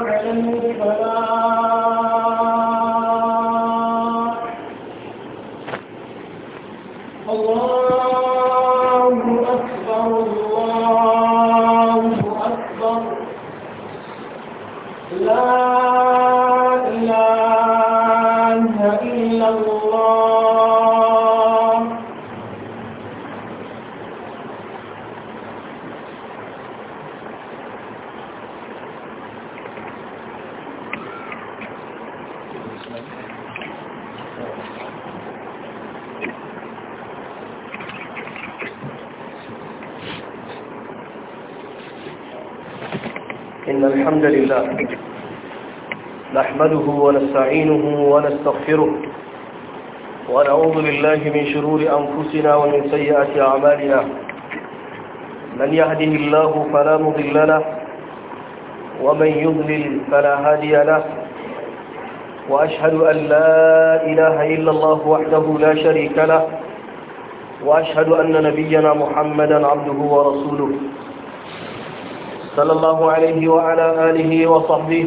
يعلم فلا نحمده ونستعينه ونستغفره ونعوذ بالله من شرور أنفسنا ومن سيئات أعمالنا من يهده الله فلا مضل له ومن يضلل فلا هادي له وأشهد أن لا إله إلا الله وحده لا شريك له وأشهد أن نبينا محمدا عبده ورسوله صلى الله عليه وعلى آله وصحبه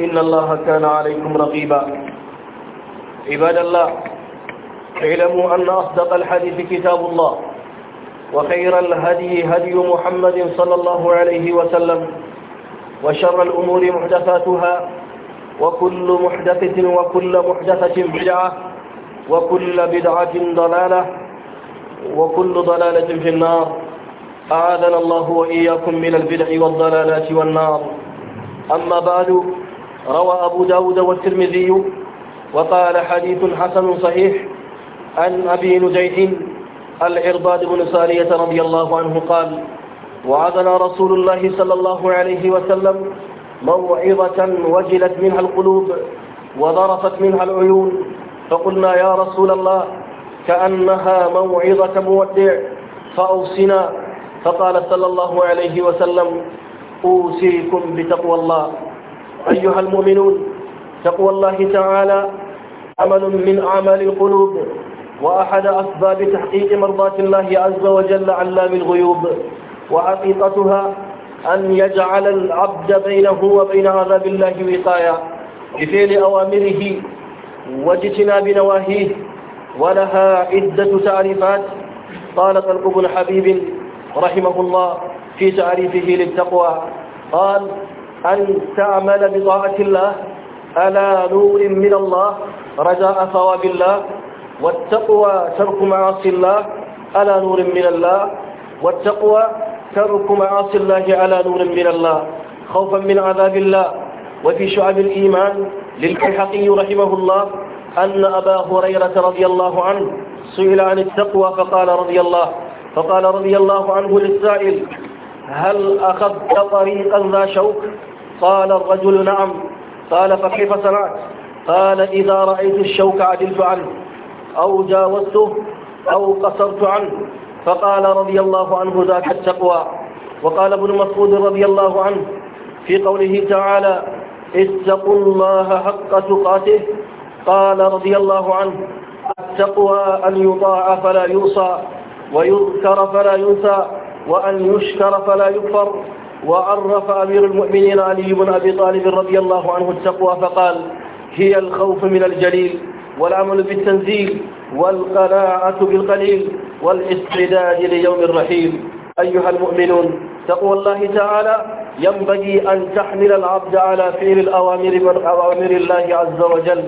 إن الله كان عليكم رقيبا عباد الله اعلموا أن أصدق الحديث كتاب الله وخير الهدي هدي محمد صلى الله عليه وسلم وشر الأمور محدثاتها وكل محدثة وكل محدثة بدعة وكل بدعة ضلالة وكل ضلالة في النار أعاذنا الله وإياكم من البدع والضلالات والنار أما بعد روى أبو داود والترمذي وقال حديث حسن صحيح عن أبي نجيح العرباد بن سارية رضي الله عنه قال وعدنا رسول الله صلى الله عليه وسلم موعظة وجلت منها القلوب وضرفت منها العيون فقلنا يا رسول الله كأنها موعظة مودع فأوصنا فقال صلى الله عليه وسلم أوصيكم بتقوى الله أيها المؤمنون تقوى الله تعالى عمل من أعمال القلوب وأحد أسباب تحقيق مرضاة الله عز وجل علام الغيوب وحقيقتها أن يجعل العبد بينه وبين عذاب الله وقاية بفعل أوامره واجتناب نواهيه ولها عدة تعريفات قال طلق بن حبيب رحمه الله في تعريفه للتقوى قال أن تعمل بطاعة الله على نور من الله رجاء ثواب الله والتقوى ترك معاصي الله على نور من الله والتقوى ترك معاصي الله على نور من الله خوفا من عذاب الله وفي شعب الإيمان للبيهقي رحمه الله أن أبا هريرة رضي الله عنه سئل عن التقوى فقال رضي الله فقال رضي الله عنه للسائل هل أخذت طريقا ذا شوك قال الرجل نعم قال فكيف صنعت قال إذا رأيت الشوك عدلت عنه أو جاوزته أو قصرت عنه فقال رضي الله عنه ذاك التقوى وقال ابن مسعود رضي الله عنه في قوله تعالى اتقوا الله حق تقاته قال رضي الله عنه التقوى أن يطاع فلا يوصى ويذكر فلا ينسى وأن يشكر فلا يكفر وعرف أمير المؤمنين علي بن أبي طالب رضي الله عنه التقوى فقال هي الخوف من الجليل والعمل بالتنزيل والقناعة بالقليل والاستعداد ليوم الرحيل أيها المؤمنون تقوى الله تعالى ينبغي أن تحمل العبد على فعل الأوامر من أوامر الله عز وجل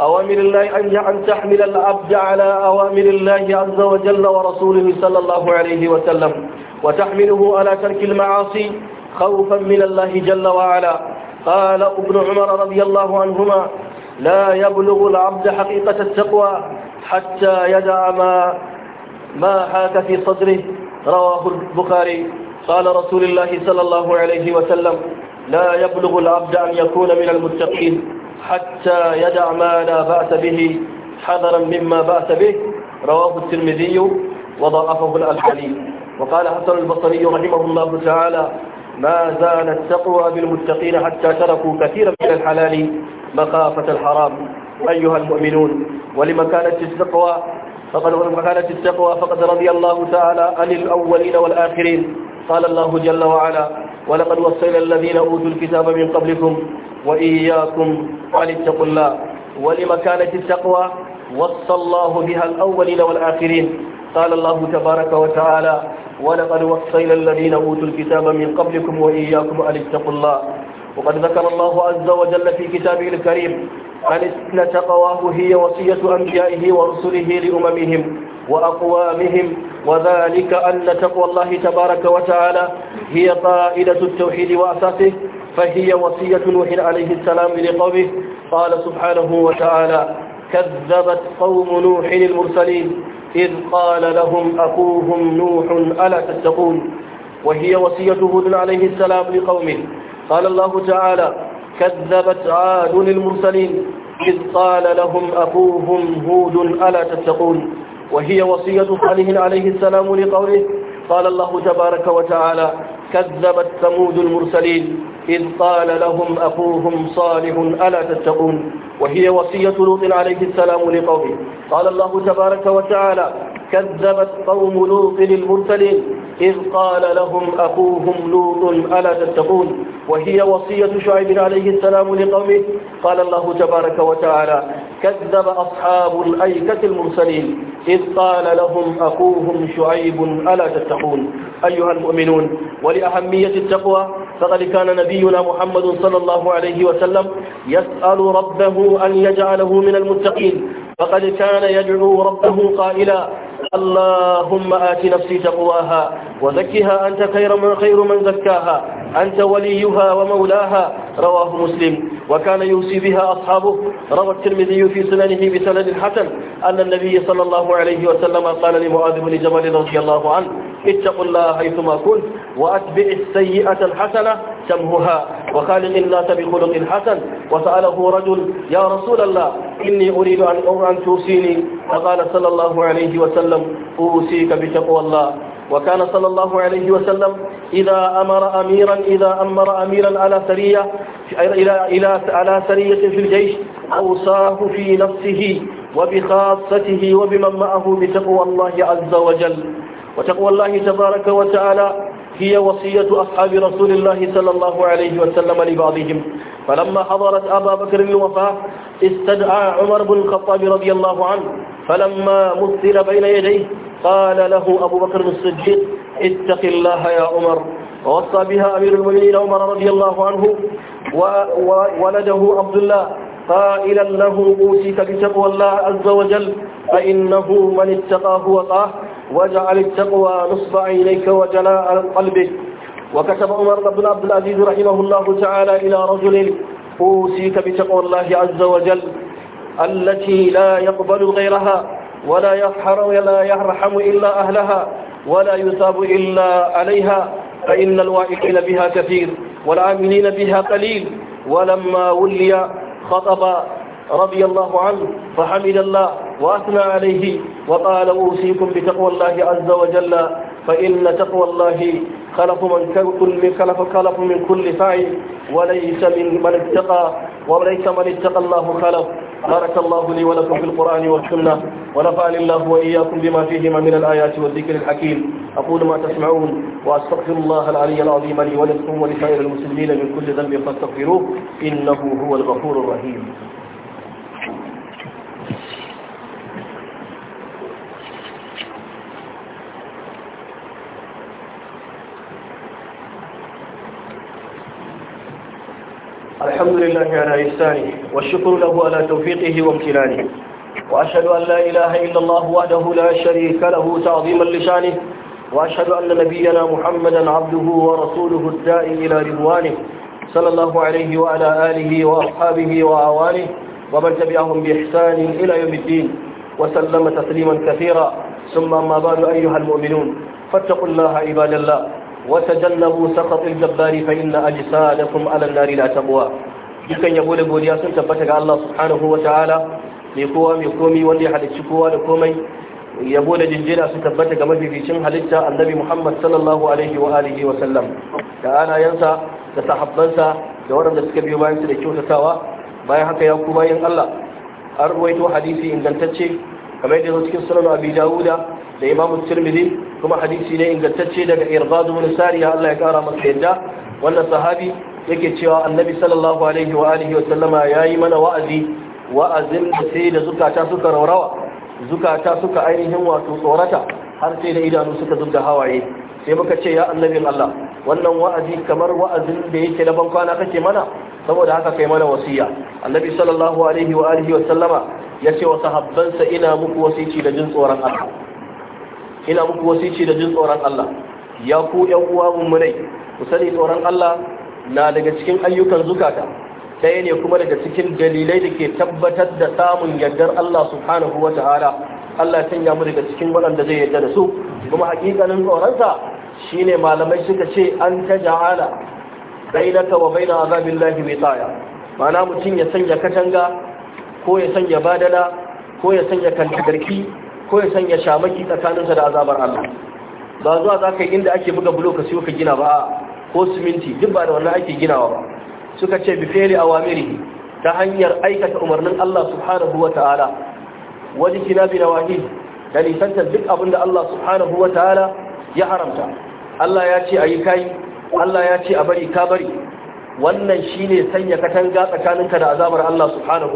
أوامر الله أن تحمل العبد على أوامر الله عز وجل ورسوله صلى الله عليه وسلم وتحمله على ترك المعاصي خوفا من الله جل وعلا قال ابن عمر رضي الله عنهما لا يبلغ العبد حقيقة التقوى حتى يدع ما ما حاك في صدره رواه البخاري قال رسول الله صلى الله عليه وسلم لا يبلغ العبد أن يكون من المتقين حتى يدع ما لا بأس به حذرا مما بأس به رواه الترمذي وضعفه الألحلي وقال حسن البصري رحمه الله تعالى ما زال التقوى بالمتقين حتى تركوا كثيرا من الحلال مخافة الحرام أيها المؤمنون ولمكانة التقوى فقد ولمكانة التقوى فقد رضي الله تعالى عن الأولين والآخرين قال الله جل وعلا ولقد وصينا الذين أوتوا الكتاب من قبلكم وإياكم أن اتقوا الله ولمكانة التقوى وصى الله بها الأولين والآخرين قال الله تبارك وتعالى ولقد وصينا الذين أوتوا الكتاب من قبلكم وإياكم أن اتقوا الله وقد ذكر الله عز وجل في كتابه الكريم أن إثنى تقواه هي وصية أنبيائه ورسله لأممهم وأقوامهم وذلك أن تقوى الله تبارك وتعالى هي قائدة التوحيد وأساسه فهي وصية نوح عليه السلام لقومه قال سبحانه وتعالى كذبت قوم نوح المرسلين إذ قال لهم أخوهم نوح ألا تتقون وهي وصية هود عليه السلام لقومه قال الله تعالى كذبت عاد المرسلين إذ قال لهم أخوهم هود ألا تتقون وهي وصية صالح عليه السلام لقوله قال الله تبارك وتعالى كذبت ثمود المرسلين إذ قال لهم أخوهم صالح ألا تتقون وهي وصية لوط عليه السلام لقومه قال الله تبارك وتعالى كذبت قوم لوط المرسلين إذ قال لهم أخوهم لوط ألا تتقون وهي وصية شعيب عليه السلام لقومه قال الله تبارك وتعالى كذب أصحاب الأيكة المرسلين إذ قال لهم أخوهم شعيب ألا تتقون أيها المؤمنون ولأهمية التقوى فقد كان نبينا محمد صلى الله عليه وسلم يسأل ربه أن يجعله من المتقين فقد كان يدعو ربه قائلا اللهم آت نفسي تقواها وزكها أنت خير من خير من زكاها أنت وليها ومولاها رواه مسلم وكان يوصي بها أصحابه روى الترمذي في سننه بسند حسن أن النبي صلى الله عليه وسلم قال لمعاذ بن جبل رضي الله عنه اتقوا الله حيثما كنت وأتبع السيئة الحسنة تمهها وخالق الناس بخلق حسن وسأله رجل يا رسول الله إني أريد أن أن توصيني فقال صلى الله عليه وسلم أوصيك بتقوى الله وكان صلى الله عليه وسلم إذا أمر أميرا إذا أمر أميرا على سرية إلى إلى على سرية في الجيش أوصاه في نفسه وبخاصته وبمن معه بتقوى الله عز وجل وتقوى الله تبارك وتعالى هي وصية أصحاب رسول الله صلى الله عليه وسلم لبعضهم فلما حضرت أبا بكر الوفاة استدعى عمر بن الخطاب رضي الله عنه فلما مثل بين يديه قال له أبو بكر الصديق اتق الله يا عمر ووصى بها أمير المؤمنين عمر رضي الله عنه وولده عبد الله قائلا له أوصيك بتقوى الله عز وجل فإنه من اتقاه وقاه واجعل التقوى نصب عينيك وجلاء قلبك وكتب عمر بن عبد العزيز رحمه الله تعالى إلى رجل أوصيك بتقوى الله عز وجل التي لا يقبل غيرها ولا يحر ولا يرحم إلا أهلها ولا يثاب إلا عليها فإن الواعقين بها كثير والعاملين بها قليل ولما ولي خطب رضي الله عنه فحمد الله وأثنى عليه وقال أوصيكم بتقوى الله عز وجل فإن تقوى الله خلف من كل خلف خلف من كل سعي وليس من من اتقى وليس من اتقى الله خلف بارك الله لي ولكم في القرآن والسنة ونفعني الله وإياكم بما فيهما من الآيات والذكر الحكيم أقول ما تسمعون وأستغفر الله العلي العظيم لي ولكم ولسائر المسلمين من كل ذنب فاستغفروه إنه هو الغفور الرحيم الحمد لله على إحسانه والشكر له على توفيقه وامتنانه وأشهد أن لا إله إلا الله وحده لا شريك له تعظيما لشانه وأشهد أن نبينا محمدا عبده ورسوله الداعي إلى رضوانه صلى الله عليه وعلى آله وأصحابه وأعوانه ومن تبعهم بإحسان إلى يوم الدين وسلم تسليما كثيرا ثم ما بعد أيها المؤمنون فاتقوا الله عباد الله وتجنبوا سخط الجبار فإن أجسادكم على النار لا تقوى dukan yabo da godiya sun tabbata ga Allah subhanahu wa ta'ala mai kowa mai komi wanda ya halicci kowa da komai yabo da jinjina su tabbata ga mafificin halitta annabi Muhammad sallallahu alaihi wa alihi wa sallam da anayansa da sahabbansa da waɗanda suka biyo bayan su da kyautatawa bayan haka ya ku bayan Allah an ruwaito hadisi ingantacce kamar yadda yau cikin sunan abi dawuda da imamu tirmidhi kuma hadisi ne ingantacce daga irbadu bin sariya Allah ya kara masa yadda wannan sahabi yake cewa annabi sallallahu alaihi wa alihi wa sallama yayi mana wa'azi wa'azin da sai da zukata suka raurawa zukata suka ainihin wato tsorata har sai da idanu suka zubda hawaye sai muka ce ya annabin Allah wannan wa'azi kamar wa'azin da yake na bankwana kake mana saboda haka kai mana wasiya annabi sallallahu alaihi wa alihi wa sallama ya ce wa sahabbansa ina muku wasici da jin tsoron Allah ina muku wasici da jin tsoron Allah ya ku ƴan uwa mummunai ku sani tsoron Allah na daga cikin ayyukan zukata ɗaya ne kuma daga cikin dalilai da ke tabbatar da samun yardar Allah subhanahu wa ta'ala Allah ya mu daga cikin waɗanda zai yarda da su kuma hakikanin tsoronsa shine malamai suka ce an ta ja'ala bainaka wa baina azabillahi mai tsaya ma'ana mutum ya sanya katanga ko ya sanya badala ko ya sanya kantagarki ko ya sanya shamaki tsakaninsa da azabar Allah ba zuwa za ka yi inda ake buga bulo ka siyo ka gina ba ko siminti duk ba da wannan ake ginawa ba suka ce bi fere awamiri ta hanyar aikata umarnin Allah subhanahu wa ta'ala wajen kina bi nawahi da nisantar duk abin da Allah subhanahu wa ta'ala ya haramta Allah ya ce a yi kayi Allah ya ce a bari ka bari wannan shine sanya katanga tsakaninka da azabar Allah subhanahu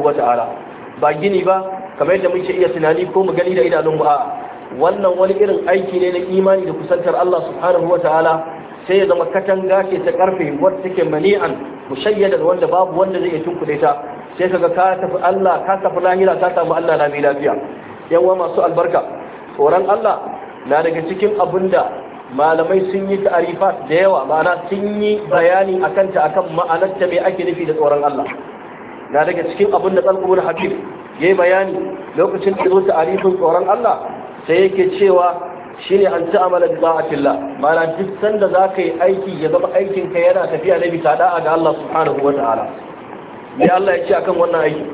ba gini ba kamar yadda muke iya tunani ko mu gani da idanunmu a wannan wani irin aiki ne na imani da kusantar Allah subhanahu sai ya zama katanga ce ta karfe wadda take mani'an mushayyada da wanda babu wanda zai tunkuɗe ta sai kaga ka tafi Allah ka tafi lahira ka samu Allah na mai lafiya Yawa masu albarka tsoron Allah na daga cikin abinda malamai sun yi ta'arifa da yawa ma'ana sun yi bayani a kanta a kan ma'anarta mai ake nufi da tsoron Allah na daga cikin abin da tsalkubul habib ya yi bayani lokacin da zo ta'arifin tsoron Allah sai yake cewa shi shine an ta'amala a da'atillah ma'ana duk sanda za ka yi aiki ya zama aikin ka yana tafiya na bisa da'a ga Allah subhanahu wa ta'ala Ya Allah ya ce akan wannan aiki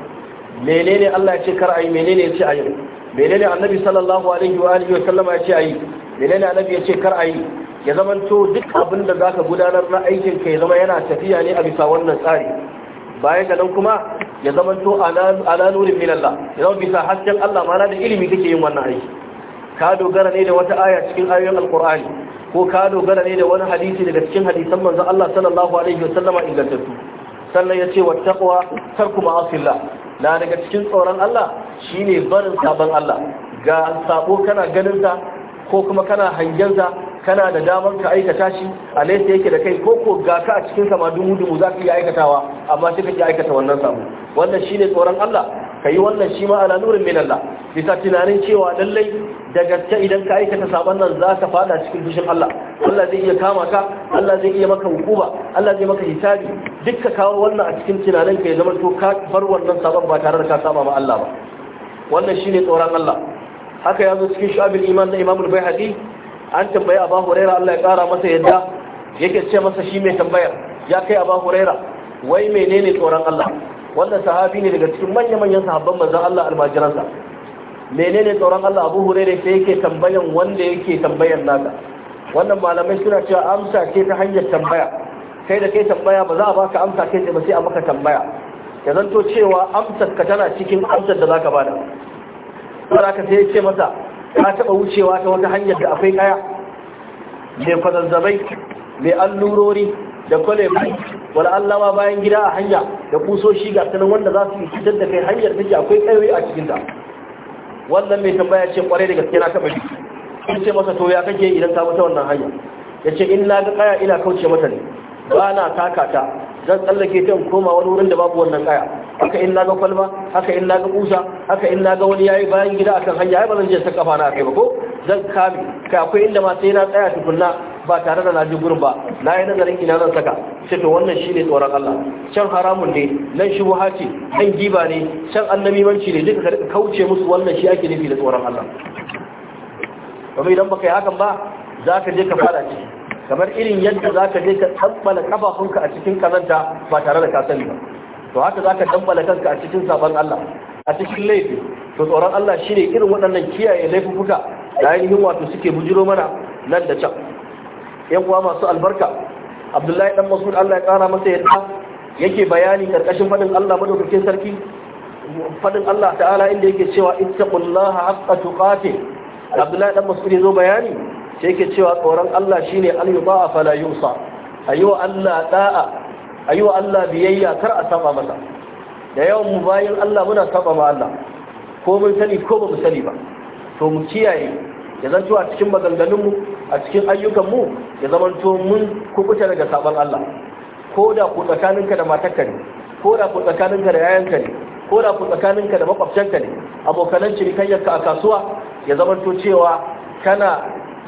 menene Allah ya ce kar yi, menene ya ce a yi menene annabi sallallahu alaihi wa wa sallama ya ce a yi? menene annabi ya ce kar a yi ya zamanto duk abin da zaka gudanar na aikin ka ya zama yana tafiya ne a bisa wannan tsari bayan ga nan kuma ya zamanto ala nurin min Allah ya zama bisa hasken Allah mana da ilimi kake yin wannan aiki ka dogara ne da wata aya cikin ayoyin alqur'ani ko ka dogara ne da wani hadisi daga cikin hadisan manzon Allah sallallahu alaihi wasallama ingantattu sannan ya ce taqwa tarku ma'asillah na daga cikin tsoron Allah shine barin sabon Allah ga sabo kana ganin sa ko kuma kana hangensa kana da damar ka aikata shi a laisa yake da kai ko ko ga ka a cikin sama dubu dubu za ka iya aikatawa amma sai ka ke aikata wannan samu wannan ne tsoron Allah ka yi wannan shi ma ala nurin min Allah bisa tunanin cewa lallai da gaske idan ka aikata saban nan za ka fada cikin fushin Allah Allah zai iya kama ka Allah zai iya maka hukuma Allah zai maka hisabi Dukka kawo wannan a cikin tunanin ka ya zama to ka bar wannan saban ba tare da ka saba ma Allah ba wannan shine tsoron Allah haka ya zo cikin shabin iman na imamul haɗi an a bahu raira Allah ya kara masa yadda yake ce masa shi mai tambayar ya kai a bahu raira wai menene tsoron Allah wannan sahabi ne daga cikin manya manyan sahabban manzon Allah almajiransa menene tsoron Allah abu huraira sai yake tambayan wanda yake tambayan naka wannan malamai suna cewa amsa ce ta hanyar tambaya kai da kai tambaya ba za a baka amsa kai ba sai a maka tambaya ya zanto cewa amsar ka tana cikin amsar da zaka bada saboda ka sai ce masa ka taɓa wucewa ta wata hanyar da akwai kaya mai fazazzabai mai allurori da kwalebi wani ma bayan gida a hanya da kusoshi ga sanin wanda za su yi fitar da kai hanyar take akwai kayoyi a ta wannan mai tambaya ce kwarai da gaske na taɓa shi in ce masa to ya kake idan ta mata wannan hanya ya ce in na ga kaya ina kauce mata ne ba na taka ta zan tsallake ta in koma wani wurin da babu wannan kaya haka in na ga kwalba haka in ga kusa haka in na ga wani yayi bayan gida akan hanya ai bazan je ta kafa na kai ba ko zan kame kai akwai inda ma sai na tsaya tukunna ba tare da na ji gurin ba na yi nazarin ina zan saka sai to wannan shine tsoron Allah Shan haramun ne nan shubuha ce nan giba ne shan can annabimanci ne duka kauce musu wannan shi ake nufi da tsoron Allah kuma idan baka yi hakan ba za ka je ka fara ciki kamar irin yadda za ka je ka tsammala kafafunka a cikin kazanta ba tare da ka sani ba to haka zaka dambala kanka a cikin saban Allah a cikin laifi to tsoron Allah shine irin waɗannan kiyaye laifuka da ainihin wato suke bujiro mana nan da can yan uwa masu albarka Abdullahi dan Mas'ud Allah ya kara masa yadda yake bayani karkashin fadin Allah madaukakin sarki fadin Allah ta'ala inda yake cewa ittaqullaha haqqa tuqatih Abdullahi dan Mas'ud zo bayani sai yake cewa tsoron Allah shine al-yuba fala yusa ayyuha Allah da'a a yi wa Allah biyayya kar a saba masa da yawan mu bayan Allah muna saba ma Allah ko mun sani ko ba mu sani ba to mu kiyaye ya zanto a cikin maganganunmu a cikin ayyukanmu ya zamanto mun kubuta daga saban Allah ko da ku tsakaninka da matarka ne ko da ku tsakaninka da yayanka ne ko da ku tsakaninka da makwabcinka ne abokanan cinikayyarka a kasuwa ya zamanto cewa kana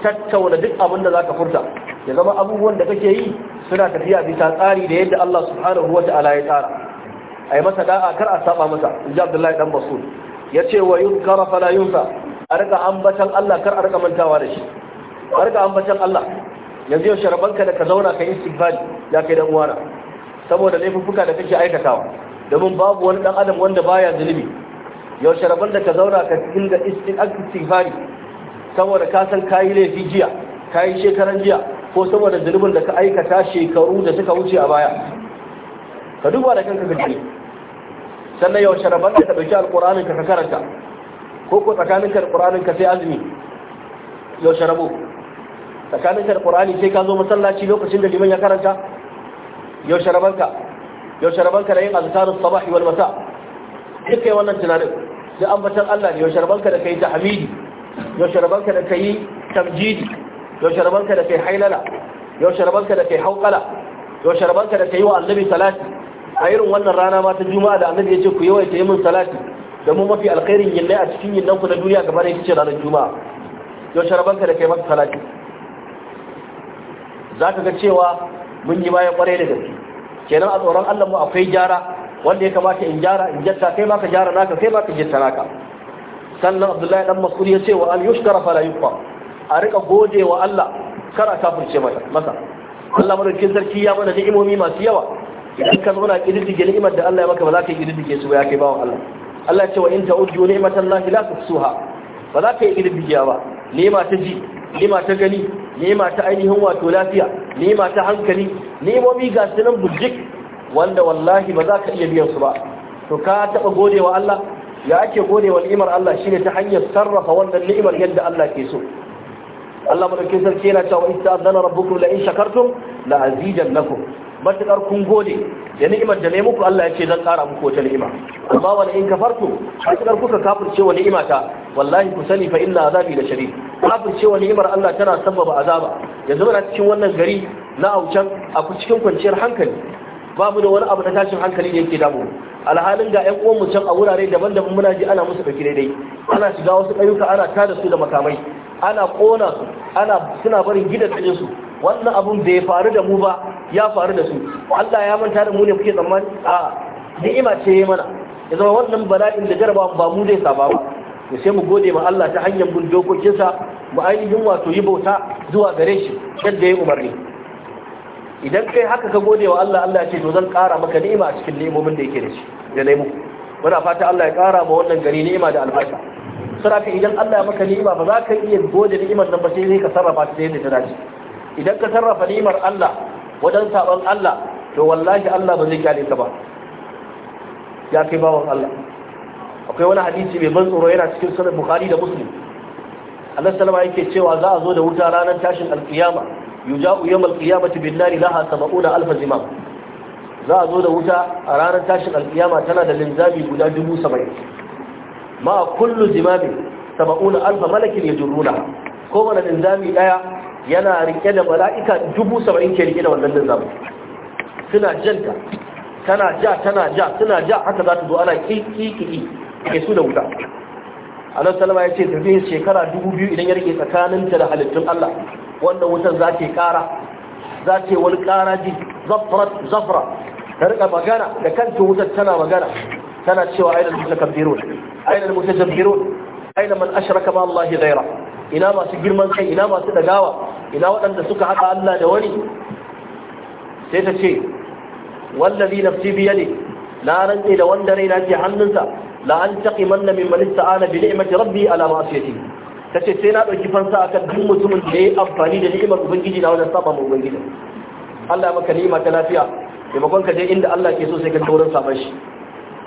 tattauna duk abin da zaka furta ya zama abubuwan da kake yi suna tafiya bisa tsari da yadda Allah subhanahu wata'ala ya tsara ai masa da'a kar a saba masa inji Abdullahi dan Mas'ud yace wa yun yuzkara fala yunsa a rika ambatan Allah kar a rika mantawa da shi a rika ambatan Allah yanzu yau sharabanka da ka zauna ka yi istighfari ya kai dan uwana saboda laifuffuka da kake aikatawa domin babu wani dan adam wanda baya zulumi yau sharaban da ka zauna ka dinga istighfari saboda ka san kayi laifi jiya kayi shekaran jiya ko saboda zulubin da ka aikata shekaru da suka wuce a baya ka duba da kanka ka gani sannan yau sharaban da ka dauki alqur'anin ka karanta ko ko tsakanin ka alqur'anin ka sai azumi yau sharabo tsakanin ka alqur'ani sai ka zo masallaci lokacin da liman ya karanta yau sharaban ka yau sharaban ka da yin azkarus sabahi wal masa duk kai wannan tunanin da ambatan Allah ne yau sharaban ka da kai tahmidi yau sharaban ka da kai tamjidi yaushe rabanka da kai hailala yaushe rabanka da kai haukala yaushe rabanka da yi wa annabi salati a irin wannan rana ma ta juma'a da annabi ya ce ku yawaita yi min salati da mu mafi alkhairin yinne a cikin nan ku na duniya gaba da ita ce ranar juma'a yaushe rabanka da kai masa salati za ka ga cewa mun yi bayan kwarai da gaske kenan a tsoron Allah mu akwai gyara wanda ya kamata in gyara in jatta kai ma ka gyara naka kai ma ka jatta naka sannan Abdullahi dan Mas'ud ya ce wa al yushkara fala yukfar a rika gode wa Allah kar a kafirce masa Allah madaukakin sarki ya mana ni'imomi masu yawa idan ka zauna kididdige ni'imar da Allah ya maka ba za ka yi kididdige su ba ya kai bawan Allah Allah ya ce wa in ta'uddu ni'matallahi la tuhsuha ba za ka yi kididdige ba ni'ima ta ji ni'ima ta gani ni'ima ta ainihin wato lafiya ni'ima ta hankali ni'imomi ga su nan burjik wanda wallahi ba za ka iya biyan su ba to ka taba godewa Allah ya ake godewa ni'imar Allah shine ta hanyar sarrafa wannan ni'imar yadda Allah ke so Allah madaukakin sarki yana cewa idza adana rabbukum la in shakartum la azidannakum matakar kun gode da ni'imar da ne muku Allah ya ce zan kara muku wata ni'ima amma wala in kafartum matakar kuka kafirce wa ta wallahi ku sani fa inna azabi la shadid kafirce wa ni'imar Allah tana sababa azaba yanzu muna cikin wannan gari na aucan a ku cikin kwanciyar hankali ba mu da wani abu na tashin hankali da yake damu alhalin ga ƴan uwan mu can a wurare daban-daban muna ji ana musu dauki daidai ana shiga wasu ƙauyuka ana tada su da makamai ana kona su ana suna barin gidan su wannan abun bai faru da mu ba ya faru da su Allah ya manta da mu ne kuke tsammani a ni'ima ce ya mana ya zama wannan bala'in da jarabawa ba mu zai saba ba to sai mu gode ma Allah ta hanyar bin dokokinsa mu ainihin wato yi bauta zuwa gare shi yadda ya umarni idan kai haka ka gode wa Allah Allah ya ce to zan kara maka ni'ima cikin ni'imomin da yake da shi da laimu muna fata Allah ya kara ma wannan gari ni'ima da albarka saraka idan Allah ya maka ni'ima ba za ka iya gode ni'imar nan ba sai ka sarrafa ta yadda ta dace idan ka sarrafa ni'imar Allah wajen sabon Allah to wallahi Allah ba zai kyale ka ba ya kai bawan Allah akwai wani hadisi mai ban tsoro yana cikin sunan Bukhari da Muslim Allah sallama yake cewa za a zo da wuta ranar tashin alkiyama yuja'u yawmal qiyamati bin nari laha 70 alf zimam za a zo da wuta a ranar tashin alkiyama tana da linzami guda 70 ma kullu zimami saba'una alfa malakin yajruna ko wani linzami daya yana rike da mala'ika dubu saba'in ke rike da wannan linzami suna janta tana ja tana ja suna ja haka za ta zo ana kiki ke su da wuta annabi sallama ya ce tafiyin shekara dubu biyu idan ya rike tsakaninta da halittun Allah wanda wutan zake kara za ta wani kara zafra zafra ta rika magana da kanta wutar tana magana tana cewa aina mutakabbirun aina mutajabbirun aina man ashraka ma Allah ghaira ina masu girman kai ina masu dagawa ina waɗanda suka haɗa Allah da wani sai ta ce wallazi nafsi bi yadi la rantsi da wanda raina ke hannunsa la an taqimanna min man ista'ana bi ni'mati rabbi ala ma'siyati tace sai na dauki fansa akan duk mutumin da yayi amfani da ni'imar ubangiji na wajen saba mu ubangiji Allah maka ni'ima ta lafiya maimakon ka je inda Allah ke so sai ka taurin saban shi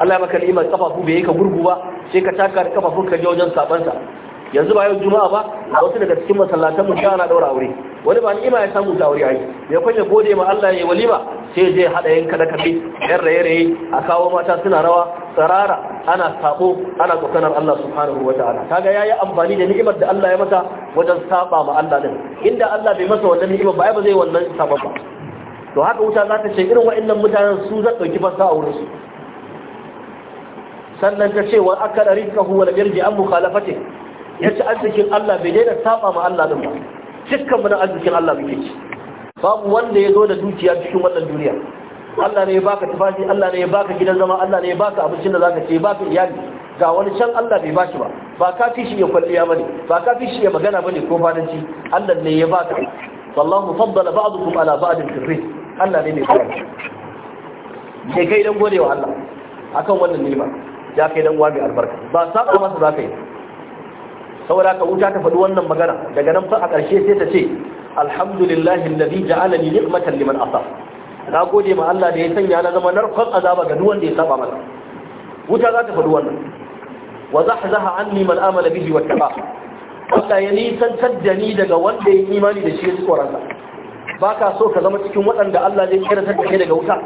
Allah maka ni'imar kafafu bai ka gurgu ba sai ka taka da kafafun ka je wajen sabansa yanzu ba yau juma'a ba a wasu daga cikin masallatan mu ana daura aure wani ba ni'ima ya samu ta aure ai ya kwanya gode ma Allah ya walima sai zai hada yin kada kafi yan raye raye a kawo mata suna rawa tsarara ana sabo ana tsokanar Allah subhanahu wataala kaga yayi amfani da ni'imar da Allah ya masa wajen saba ma Allah din inda Allah bai masa wannan ni'ima ba ba zai wannan saba ba to haka wuta za ta ce irin wa'annan mutanen su za ɗauki fasa a wurinsu sannan ta ce wa aka rarika huwa da irji an mukhalafati ya ci arzikin Allah bai daina saba ma Allah din ba dukkan mu na arzikin Allah muke ci babu wanda ya zo da dukiya cikin wannan duniya Allah ne ya baka tufafi Allah ne ya baka gidan zama Allah ne ya baka abincin da zaka ce baka iyali ga wani can Allah bai bashi ba ba ka fi shi ya kwalliya bane ba ka fi shi ya magana bane ko fadanci Allah ne ya baka wallahu faddala ba'dukum ala ba'din fi rizq Allah ne mai fara ke kai dan gode wa Allah akan wannan ni'ima ya kai dan uwa albarka ba saba masa za ka yi saboda ka wuta ta faɗi wannan magana daga nan fa a ƙarshe sai ta ce alhamdulillahi alladhi ja'ala li ni'matan liman asaf na gode ma Allah da ya sanya na zama narkon azaba ga duk wanda ya saba masa wuta za ta faɗi wannan wa zahzaha anni man amala bihi wa taqa Allah ya nisantar da ni daga wanda ya imani da shi ya tsoronsa ba ka so ka zama cikin waɗanda Allah zai kira ta daga wuta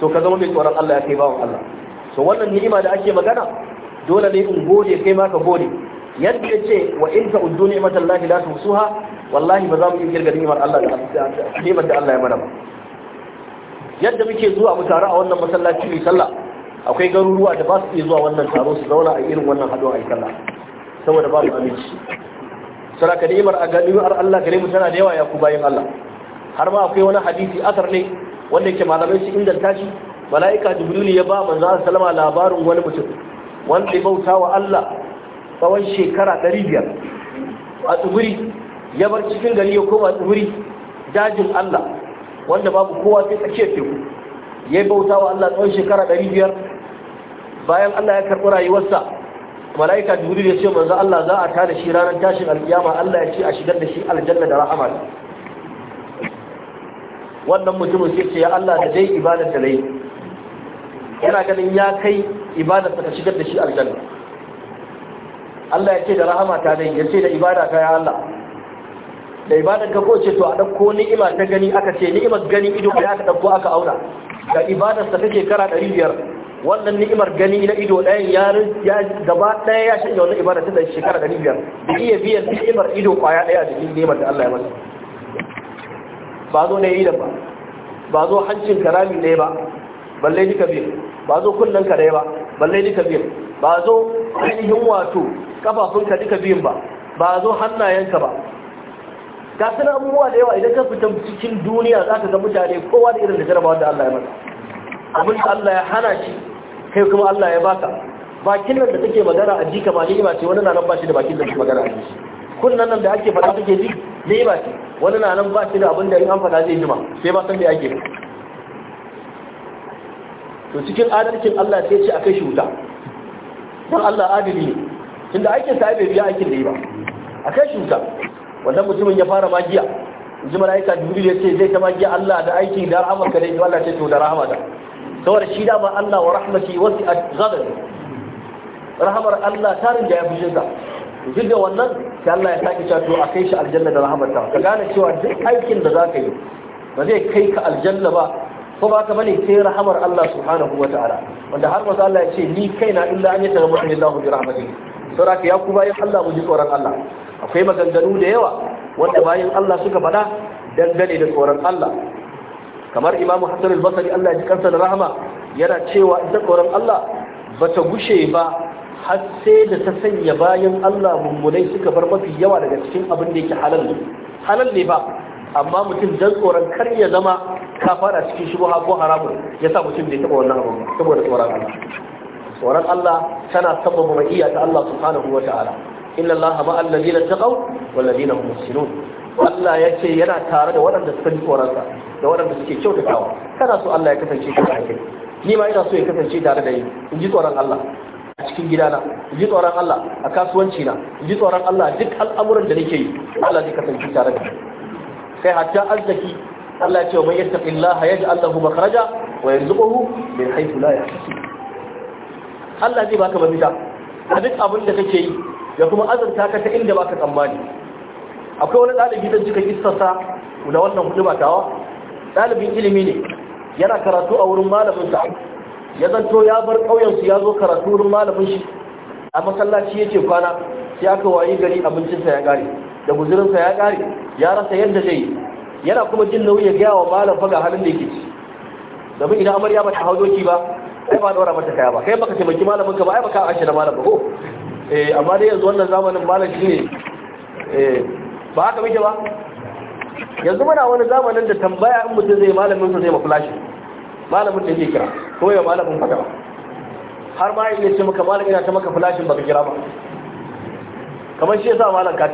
to ka zama mai tsoron Allah ya kai bawan Allah to wannan ni'ima da ake magana dole ne in gode kai ma ka gode yadda ya ce wa in ta uddu ni'matan lahi la tusuha wallahi ba za mu iya kirga ni'imar Allah da ni'imar da Allah ya mana ba yadda muke zuwa mu taru a wannan masallaci mai sallah akwai garuruwa da ba su iya zuwa wannan taro su zauna a irin wannan haɗuwa a saboda ba mu aminci saraka ni'imar a gaɗuwar Allah gare mu tana da yawa ya ku bayan Allah har ma akwai wani hadisi asar ne wanda yake malamai su inganta shi mala'ika jibrilu ya ba manzo salama labarin wani mutum wanda ya bauta wa Allah tsawon shekara 500 a tsibiri ya bar cikin gari ya koma tsibiri dajin Allah wanda babu kowa sai tsakiyar teku ya bauta wa Allah tsawon shekara 500 bayan Allah ya karɓi rayuwarsa mala'ika jibrilu ya ce manzo Allah za a tada shi ranar tashin alkiyama Allah ya ce a shigar da shi aljanna da rahama wannan mutumin sai ce ya Allah da dai ibadar da lai yana ganin ya kai ibada ta shigar da shi aljanna Allah ya ce da rahama ta dai ya ce da ibada ta ya Allah da ibadar ka ko ce to a dauko ni'ima ta gani aka ce ni'imar gani ido da aka dauko aka auna da ibadar ta take kara 500 wannan ni'imar gani na ido ɗayan ya ya gaba ɗaya ya shanya wannan ibada ta da shekara 500 da iya biyan ni'imar ido kwaya ɗaya a cikin ni'imar da Allah ya masa ba zo ne yi da ba ba zo hancin karami ne ba balle ni kabir ba zo kullun ka dai ba balle ni kabir ba zo ainihin wato kafafun ka duka biyun ba ba zo hannayenka ba ga suna abubuwa da yawa idan ka fita cikin duniya za ka ga mutane kowa da irin da jarabawa da Allah ya mata abin da Allah ya hana shi kai kuma Allah ya baka bakin nan da take magana a ji kamar ni'ima ce wani na nan ba shi da bakin da take magana a ji kunnan nan da ake faɗa take ji ni'ima ce wani na nan ba shi da abin da in an faɗa zai jima sai ba san da ake to cikin adalcin Allah sai ce a kai wuta don Allah adali ne tunda aikin sa bai biya aikin da yi ba a kai wuta wannan mutumin ya fara magiya ji mala'ika jibril ya ce zai ta magiya Allah da aiki da rahama ka dai Allah ce to da rahama da saboda shi da ma Allah wa rahmati wasi'at ghadab rahamar Allah ta rinja ya fushin sa duk da wannan sai Allah ya sake cewa a kai shi aljanna da rahamar ta ka gane cewa duk aikin da za ka yi ba zai kai ka aljanna ba ko ba ka bane sai rahamar Allah subhanahu wa ta'ala wanda har maza Allah ya ce ni kaina illa an yata rahmatu lillahi bi rahmatihi saboda ya ku bayan Allah mu ji tsoron Allah akwai maganganu da yawa wanda bayan Allah suka faɗa dangane da tsoron Allah kamar Imam Hassan al-Basri Allah ya ji kansa da rahama yana cewa ita tsoron Allah bata gushe ba har sai da ta sanya bayan Allah mummunai suka bar mafi yawa daga cikin abin da yake halal ne halal ne ba amma mutum dan tsoron kar ya zama ka fara cikin shigo ko haramun ya sa mutum bai taɓa wannan abu saboda tsoron Allah tsoron Allah tana sababa mai iya ta Allah subhanahu wa ta'ala inna Allah ma alladhina taqaw wal ladina hum muhsinun Allah ya ce yana tare da waɗanda suka ji tsoronsa da waɗanda suke kyautatawa kana so Allah ya kasance shi da kai ni ma ina so ya kasance tare da ni in ji tsoron Allah a cikin gidana in ji tsoron Allah a kasuwanci na in ji tsoron Allah duk al'amuran da nake yi Allah zai kasance tare da kai sai hatta arziki Allah ya ce wa yattaqillaha yaj'al lahu makhraja wa yarzuquhu min haythu la yahtasib Allah zai baka mafita a duk abin da kake yi ya kuma azurta ka ta inda baka tsammani akwai wani ɗalibi da cikin istarsa da wannan hudu matawa ɗalibin ilimi ne yana karatu a wurin malamin sa ya zanto ya bar su ya zo karatu wurin malamin shi a masallaci yake kwana sai aka wayi gari abincinsa ya ƙare da guzurinsa ya ƙare ya rasa yadda zai yana kuma jin nauyi ya gaya wa malam faga halin da yake ci domin idan amarya ba ta hau doki ba ai ba dora mata kaya ba kai baka taimaki malamin ka ba ai baka ashe da malam ba ko eh amma dai yanzu wannan zamanin malam ne eh ba haka muke ba yanzu muna wani zamanin da tambaya in mutum zai malamin sa zai ma flash malamin da yake kira ko ya malamin faga har ma yake ce maka malamin ina ta maka flashin baka kira ba kamar shi yasa malam ka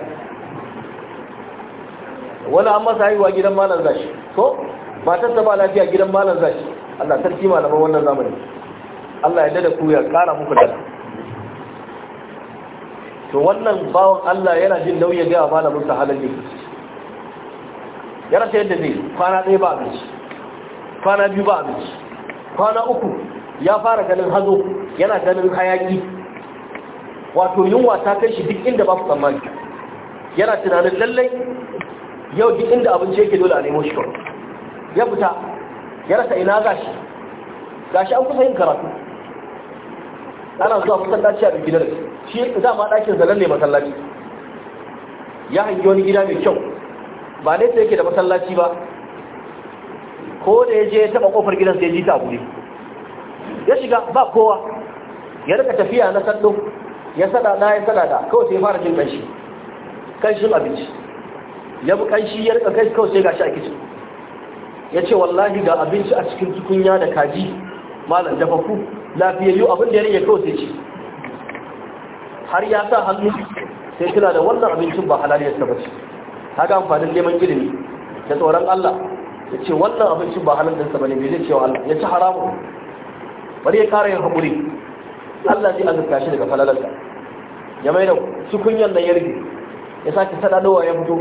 wani an masa haihuwa gidan malam zashi ko matar ta ba lafiya gidan malam zashi Allah sarki malaman wannan zamani Allah ya dada ku ya kara muku da to wannan bawan Allah yana jin nauyi ga malamin sa halin yake yana ta yadda zai kwana ɗaya ba abinci kwana biyu ba abinci kwana uku ya fara ganin hazo yana ganin hayaki wato yunwa ta kai shi duk inda ba ku tsammani yana tunanin lallai yau duk inda abinci yake dole a nemo shi kawai ya fita ya rasa ina gashi gashi an kusa yin karatu ana zuwa masallaci a ɗin gidan shi ma ɗakin zanen ne masallaci ya hangi wani gida mai kyau ba nesa yake da masallaci ba ko da ya je ya taɓa ƙofar gidan sai ya ji ta abu ya shiga ba kowa ya rika tafiya na sallo ya sada na ya sada da kawai sai fara jin kanshi kanshin abinci ya bi kanshi ya rika kai kawai sai shi a kicin ya ce wallahi ga abinci a cikin tukunya da kaji malam ku lafiyayyu abin da ya rage kawai sai ci har ya sa hannu sai tuna da wannan abincin ba halal yasta ba ce haka amfanin neman ilimi da tsoron Allah ya ce wannan abincin ba halal yasta ba ne zai cewa Allah ya ci haramun bari ya kara yin haƙuri Allah zai azurka shi daga falalarsa ya mai da su nan ya rike ya sake sadadowa ya fito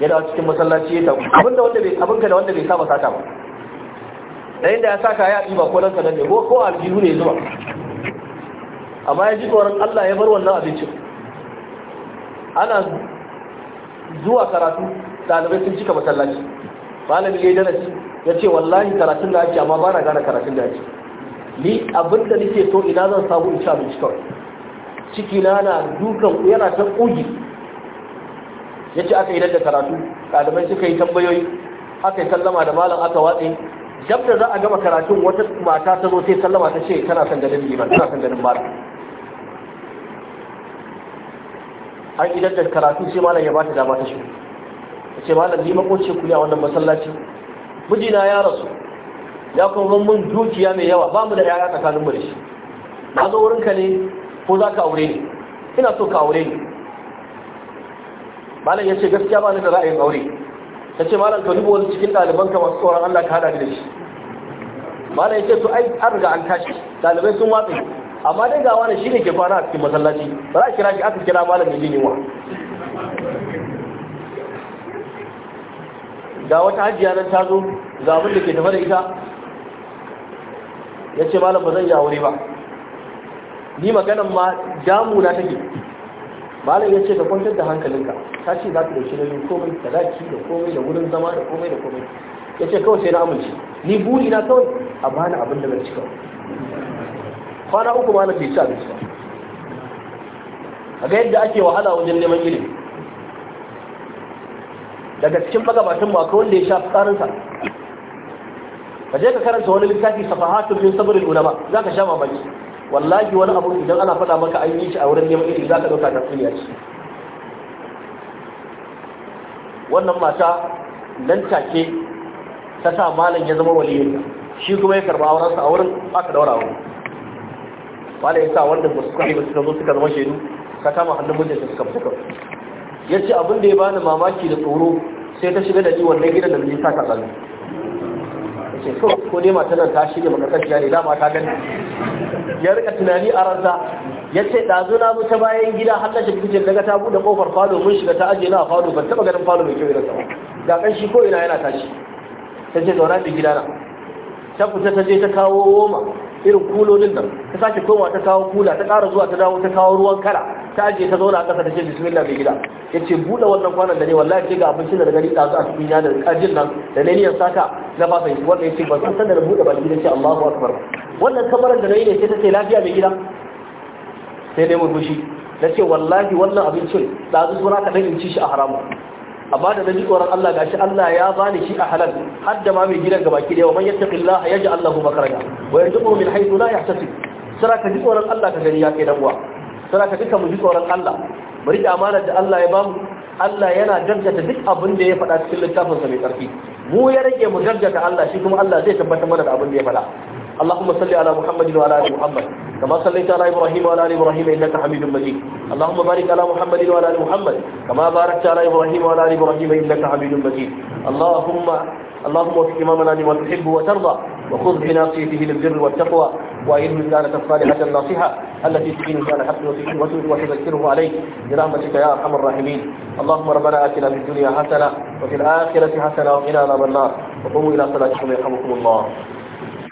ya dawo cikin masallaci ya tafi abinda wanda bai abinka da wanda bai saba sata ba da inda ya saka ya ɗiba ko ranka ne ko ko aljihu ne zuwa amma ya ji tsoron Allah ya bar wannan abincin ana zuwa karatu ɗalibai sun cika masallaci malami ya darasi ya ce wallahi karatun da ake amma ba na gane karatun da ake ni abinda nake so ina zan samu in ci abinci kawai ciki na na dukan yana ta ƙugi ya ce aka yi da karatu ɗalibai suka yi tambayoyi aka yi sallama da malam aka watsi dab da za a gama karatun wata mata ta zo sai sallama ta ce tana son ganin liman tana son ganin malam an idan da karatu sai malam ya bata dama ta shi ya ce malam liman ko ku kuya a wannan masallaci mijina ya rasu ya kuma mun dukiya mai yawa ba mu da yaya tsakanin mu da shi na zo wurinka ne ko za ka aure ni ina so ka aure ni malam ya ce gaskiya ba ni da ra'ayin aure ta ce malam to dubu wani cikin ɗaliban ka masu tsoron Allah ka hada da shi malam ya ce to ai an riga an tashi ɗalibai sun watsa amma dai ga wani shi ne ke kwana a cikin masallaci ba za a kira shi aka kira malam ya jini wa ga wata hajjiya nan ta zo ga abin da ke tafa da ita ya ce malam ba zan yi aure ba ni maganan ma damu na take malam ya ce ka kwantar da hankalinka ta ce za ta dauki nauyin komai da zaki da komai da wurin zama da komai da komai ya ce kawai sai na amince ni buri na kawai a bani abin da zan cika kwana uku ma na fi ci abinci ba ga yadda ake wahala wajen neman ilimi daga cikin magabatan ba kawai wanda ya sha tsarinsa ka je ka karanta wani littafi safahatun min sabirin ulama ka sha mamaki wallahi wani abu idan ana faɗa maka an yi shi a wurin neman ilimi za ka ɗauka tafiya ce wannan mata nan take ta sa malam ya zama waliyin shi kuma ya karba sa a wurin aka daura wa malam ya sa wanda ba su kai ba suka zo suka zama shaidu ka kama hannun mijinta suka fita ya ce abin da ya bani mamaki da tsoro sai ta shiga da ni wannan gidan da zai sa ka tsalo ce ko ko dai mata nan ta shirya makasarciya ne dama ta gani ya rika tunani a ranta. ya ce ɗazu na bi ta bayan gida har na shiga kicin daga ta buɗe ƙofar falo mun shiga ta ajiye na a falo ban taɓa ganin falo mai kyau irin sama ga ƙanshi ko ina yana tashi ta ce zauna bi gida na ta fita ta je ta kawo woma irin kulolin nan ta sake koma ta kawo kula ta ƙara zuwa ta dawo ta kawo ruwan kara ta je ta zauna a ƙasa ta ce bismillah mai gida ya ce buɗe wannan kwanan da ne wallahi ce ga abincin da daga ni ɗazu a cikin yana da ƙajin nan da na niyan saka na fasa yi Wannan ya ce ban san da na buɗe baki da ce Allahu akbar wannan kamarar da na yi ne sai ta ce lafiya mai gida sai dai murmushi na ce wallahi wannan abincin ɗazu tsora ka ɗan in ci shi a haramu amma da na ji tsoron Allah gashi Allah ya bani shi a halal har da ma mai gidan gabaki da yawa man yattaqillah yaj'al lahu makhraja wa yarzuquhu min haythu la yahtasib Sura ka ji tsoron Allah ka gani ya kai dan sana ka duka mu ji tsoron Allah bari riƙe amanar da Allah ya bamu Allah yana jarjata duk abin da ya faɗa cikin sa mai ƙarfi mu ya rage mu jarjata Allah shi kuma Allah zai tabbatar mana da abin da ya faɗa اللهم صل على محمد وعلى ال محمد كما صليت على ابراهيم وعلى ال ابراهيم انك حميد مجيد اللهم بارك على محمد وعلى ال محمد كما باركت على ابراهيم وعلى ال ابراهيم انك حميد مجيد اللهم اللهم وفق امامنا لما تحب وترضى وخذ بناصيته للبر والتقوى وإن كانت صالحة ناصحة التي تكين كان حسن وتكين وتذكره عليه برحمتك يا أرحم الراحمين اللهم ربنا آتنا في الدنيا حسنة وفي الآخرة حسنة وقنا عذاب النار وقوموا إلى صلاتكم يرحمكم الله